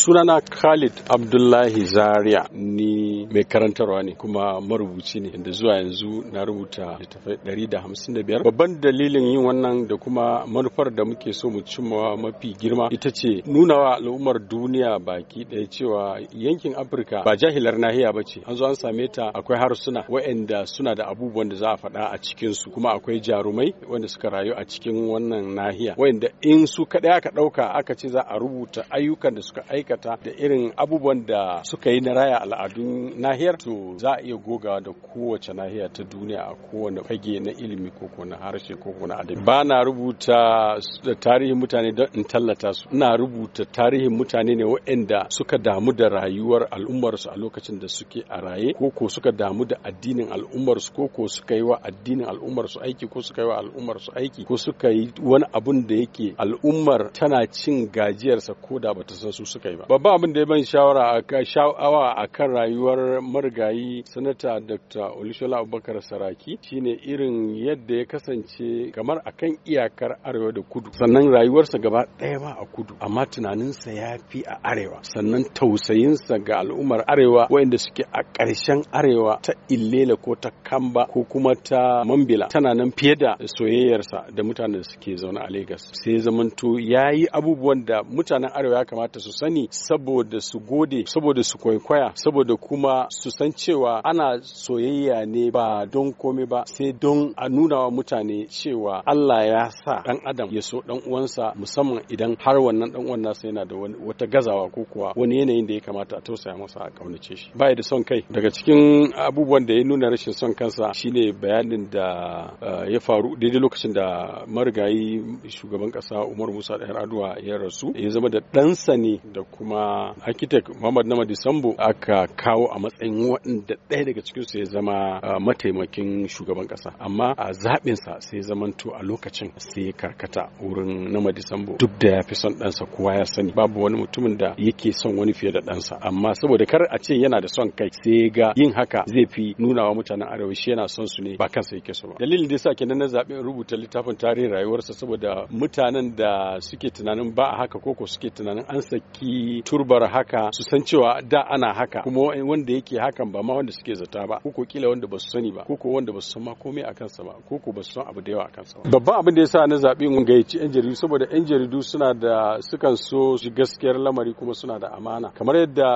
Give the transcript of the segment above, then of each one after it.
sunana khalid abdullahi zaria ni mai karantarwa ne kuma marubuci ne da zuwa yanzu na rubuta littafai 155 babban dalilin yin wannan da kuma manufar da muke so mu cimma mafi girma ita ce nuna wa al'ummar duniya baki ɗaya cewa yankin afirka ba jahilar nahiya ba ce an zo an same ta akwai harsuna waɗanda suna da abubuwan da za a faɗa a cikinsu kuma akwai jarumai wanda suka rayu a cikin wannan nahiya waɗanda in su kaɗai aka ɗauka aka ce za a rubuta ayyukan da suka aika aikata da irin abubuwan da suka yi na raya al'adun nahiyar to za a iya gogawa da kowace nahiya ta duniya a kowane fage na ilimi ko na harshe ko na adabi ba na rubuta tarihin mutane don in tallata su ina rubuta tarihin mutane ne waɗanda suka damu da rayuwar al'ummarsu a lokacin da suke a raye ko ko suka damu da addinin al'ummarsu ko ko suka yi wa addinin al'ummarsu aiki ko suka yi wa al'ummarsu aiki ko suka yi wani abun da yake al'ummar tana cin gajiyarsa ko da bata san su suka yi ba babban abin da ya ban shawara a sha'awa a kan rayuwar marigayi sanata dr Olusola abubakar saraki shine irin yadda ya kasance kamar a kan iyakar arewa da kudu sannan rayuwarsa gaba ɗaya ma a kudu amma tunaninsa ya fi a arewa sannan tausayinsa ga al'ummar arewa waɗanda suke a ƙarshen arewa ta illela ko ta kamba ko kuma ta mambila tana nan fiye da soyayyarsa da mutanen da suke zaune a Legas sai zamanto ya yi abubuwan da mutanen arewa ya kamata su sani saboda su gode saboda su kwaikwaya saboda kuma su san cewa ana soyayya ne ba don komai ba sai don a nuna wa mutane cewa Allah ya sa dan adam ya so dan uwansa musamman idan har wannan dan uwan nasa yana da wata gazawa ko kuwa wani yanayin da ya kamata a tausaya masa a kaunace shi baya da son kai daga cikin abubuwan da ya nuna rashin son kansa shine bayanin da eh, ya faru daidai lokacin da marigayi shugaban kasa Umar Musa Dahir Aduwa ya rasu ya zama da ɗansa ne da kuma architect Muhammad Nama Disambu aka kawo a matsayin waɗanda ɗaya daga cikin su ya zama ah, mataimakin shugaban ƙasa amma a zaɓin sa sai zamanto a lokacin sai ya karkata wurin Nama Disambu duk da ya fi son ɗansa kowa ya sani babu wani mutumin da yake son wani fiye da ɗansa amma saboda kar a ce yana da son kai sai ga yin haka zai fi nunawa mutanen arewa shi yana son su ne ba kansa yake so ba dalilin da yasa kenan na zaɓi rubuta littafin tarihin rayuwarsa saboda mutanen da suke tunanin ba a haka koko suke tunanin an saki yi turbar haka su san cewa da ana haka kuma wanda yake hakan ba ma wanda suke zata ba ko kila wanda ba su sani ba ko wanda ba su san ma komai akan sa ba ko ba su san abu da yawa akan sa ba babban abin da yasa na zabi in gayyaci yan jaridu saboda yan jaridu suna da sukan so shi gaskiyar lamari kuma suna da amana kamar yadda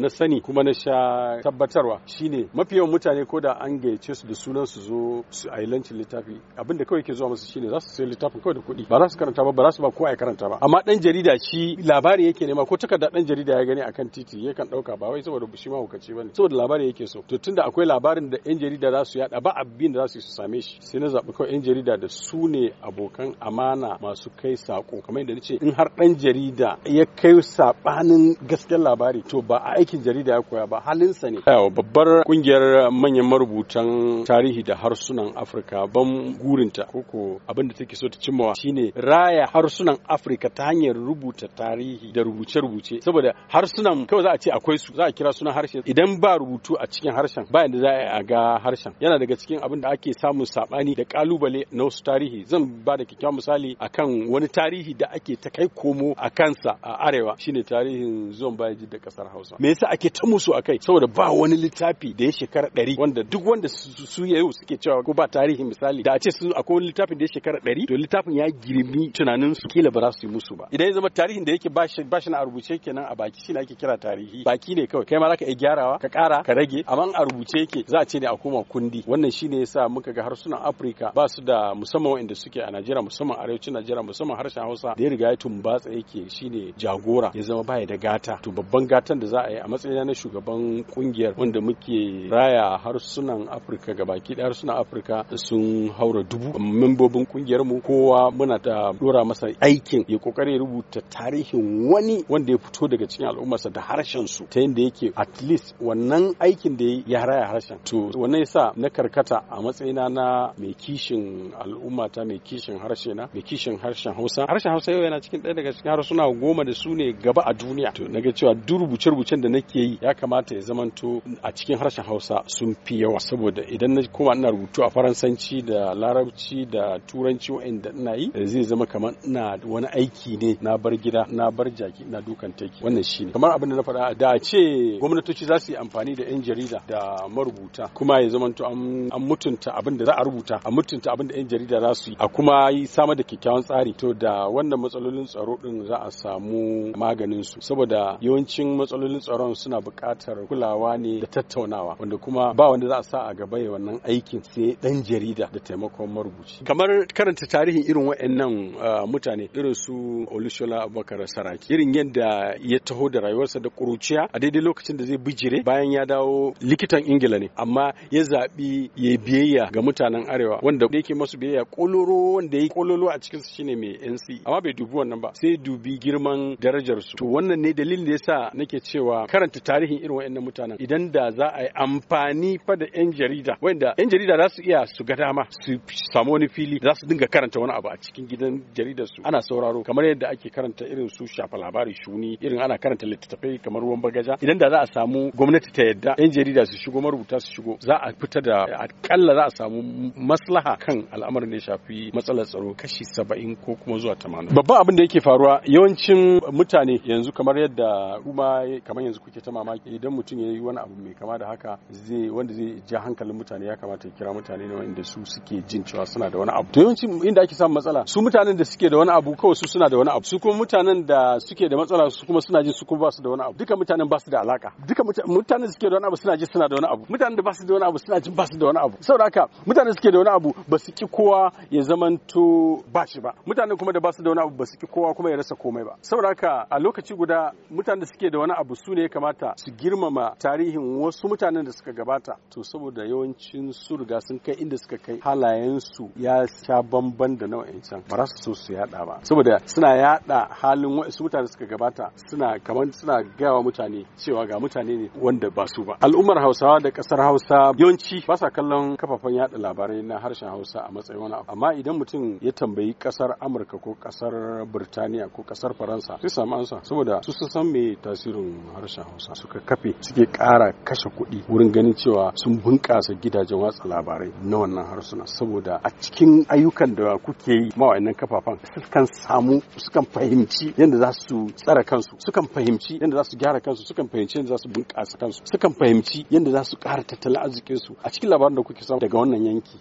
na sani kuma na sha tabbatarwa shine mafi yawan mutane ko da an gayyace su da sunan su zo su ayi lancin littafi abin da kawai ke zuwa musu shine za su sayi littafin kawai da kuɗi ba za su karanta ba ba za su ba ko ai karanta ba amma dan jarida shi labari yake nema ko ta da dan jarida ya gani akan titi yakan dauka ba wai saboda shi hukaci bane saboda labari yake so to tunda akwai labarin da yan jarida za su yada ba abin da za su su same shi sai na zabi kawai yan jarida da su ne abokan amana masu kai sako kamar yadda nace in har dan jarida ya kai sabanin gaskiyar labari to ba a aikin jarida ya koya ba halinsa ne babbar kungiyar manyan marubutan tarihi da harsunan Afirka ban gurinta koko abin da take so ta cimmawa shine raya harsunan Afirka ta hanyar rubuta tarihi da rubuce-rubuce rubuce saboda harsunan kawai za a ce akwai su za a kira sunan harshe idan ba rubutu a cikin harshen ba yadda za a ga harshen yana daga cikin abin da ake samun sabani da kalubale na wasu tarihi zan ba da kyakkyawan misali akan wani tarihi da ake ta kai komo a kansa a arewa shine tarihin zuwan bayaji da kasar Hausa me yasa ake ta musu akai saboda ba wani littafi da ya shekara ɗari wanda duk wanda su yau suke cewa ko ba tarihi misali da a ce su akwai wani littafin da ya shekara ɗari to littafin ya girmi tunanin su kila ba za su yi musu ba idan ya zama tarihin da yake bashi na a rubuce rubuce kenan a baki shi ake kira tarihi baki ne kawai kai ma zaka iya gyarawa ka kara ka rage amma a rubuce yake za a ce ne a koma kundi wannan shine yasa muka ga harsunan Afrika ba su da musamman wanda suke a Najeriya musamman arewacin Najeriya musamman harshen Hausa da ya riga ya tumbatsa yake shine jagora ya zama baya da gata to babban gatan da za a yi a matsayin na shugaban kungiyar wanda muke raya harsunan Afirka gabaki da harsunan Afirka sun haura dubu membobin kungiyar mu kowa muna da dora masa aikin ya kokari rubuta tarihin wani wanda ya ya fito daga cikin al'ummarsa da harshen su ta yadda yake at least wannan aikin da ya raya harshen to wannan yasa na karkata a matsayina na mai kishin al'umma ta mai kishin harshe na mai kishin harshen Hausa harshen Hausa yau yana cikin ɗaya daga cikin harsuna goma da su ne gaba a duniya to naga cewa duk rubuce-rubucen da nake yi ya kamata ya zamanto a cikin harshen Hausa sun fi yawa saboda idan na koma ina rubutu a Faransanci da Larabci da Turanci wa'anda ina yi zai zama kamar ina wani aiki ne na bar gida na bar jaki na duka wannan wannan ne kamar abin da na faɗa da ce gwamnatoci za su yi amfani da yan jarida da marubuta kuma ya zamanto an mutunta abin da za a rubuta a mutunta abin da yan jarida za su yi a kuma yi samar da kyakkyawan tsari to da wannan matsalolin tsaro din za a samu maganin su saboda yawancin matsalolin tsaron suna buƙatar kulawa ne da tattaunawa wanda kuma ba wanda za a sa a gaba ya wannan aikin sai dan jarida da taimakon marubuci kamar karanta tarihin irin waɗannan ah, mutane irin su Olusola Abubakar Saraki irin yadda ya taho da rayuwarsa da kuruciya a daidai lokacin da zai bijire bayan ya dawo likitan ingila ne amma ya zaɓi ya biyayya ga mutanen arewa wanda yake masu biyayya koloro wanda ya kololo a cikin su shine mai NC amma bai dubi wannan ba sai dubi girman darajar su to wannan ne dalilin da yasa nake cewa karanta tarihin irin wa'annan mutanen idan da za a yi amfani fa da yan jarida wanda yan jarida za su iya su ga dama su samu wani fili za su dinga karanta wani abu a cikin gidan jaridar su ana sauraro kamar yadda ake karanta irin su shafa labari shuni irin ana karanta littattafai kamar ruwan bagaja idan da za a samu gwamnati ta yadda yan jarida su shigo marubuta su shigo za a fita da akalla za a samu maslaha kan al'amarin da ya shafi matsalar tsaro kashi saba'in ko kuma zuwa tamanin babban abin da yake faruwa yawancin mutane yanzu kamar yadda kuma kamar yanzu kuke ta mamaki idan mutum ya yi wani abu mai kama da haka zai wanda zai ja hankalin mutane ya kamata ya kira mutane ne wanda su suke jin cewa suna da wani abu to yawancin inda ake samun matsala su mutanen da suke da wani abu kawai su suna da wani abu su kuma mutanen da suke da matsala su kuma suna ji su kuma ba su da wani abu duka mutanen ba su da alaka duka mutanen da suke da wani abu suna ji suna da wani abu mutanen da ba su da wani abu suna ji ba su da wani abu saboda haka mutanen suke da wani abu ba su ki kowa ya zamanto ba shi ba mutanen kuma da ba su da wani abu ba su ki kowa kuma ya rasa komai ba saboda haka a lokaci guda mutanen da suke da wani abu su ne ya kamata su girmama tarihin wasu mutanen da suka gabata to saboda yawancin su riga sun kai inda suka kai halayensu ya sha bamban da nau'in can ba za su so su yada ba saboda suna yada halin wasu da suka gabata suna kamar suna gawa mutane cewa ga mutane ne wanda ba su ba al'ummar hausawa da kasar hausa yawanci ba sa kallon kafafen yada labarai na harshen hausa a matsayin wani abu amma idan mutum ya tambayi kasar amurka ko kasar birtaniya ko kasar faransa sai samu ansa saboda su sun san me tasirin harshen hausa suka kafe suke kara kashe kuɗi wurin ganin cewa sun bunƙasa gidajen watsa labarai na wannan harsuna saboda a cikin ayyukan da kuke yi ma kafafen sukan samu sukan fahimci yadda za su tsara kan kansu sukan fahimci yadda za su gyara kansu sukan fahimci yadda za su bunƙasa kansu sukan fahimci yadda za su ƙara tattalin arzikinsu a cikin labarin da kuke samu daga wannan yanki